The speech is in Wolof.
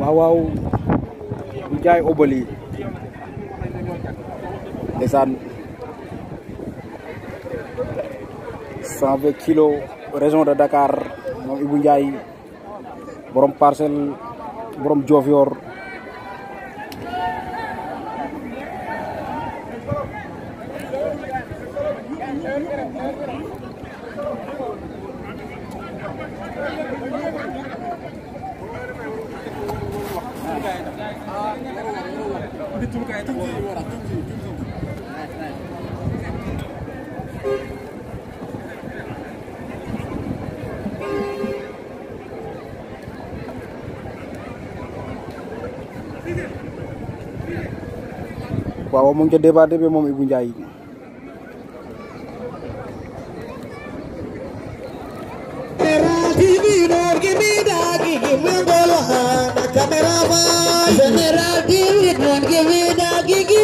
waaw waaw bu jaay obal yi ndeysaan cent vingt kilos région de Dakar moom Ibou Ndiaye borom parcelle borom Diofior 가야 돼. 아, 우리 둘 가야 Semeragi, nagi, nagi,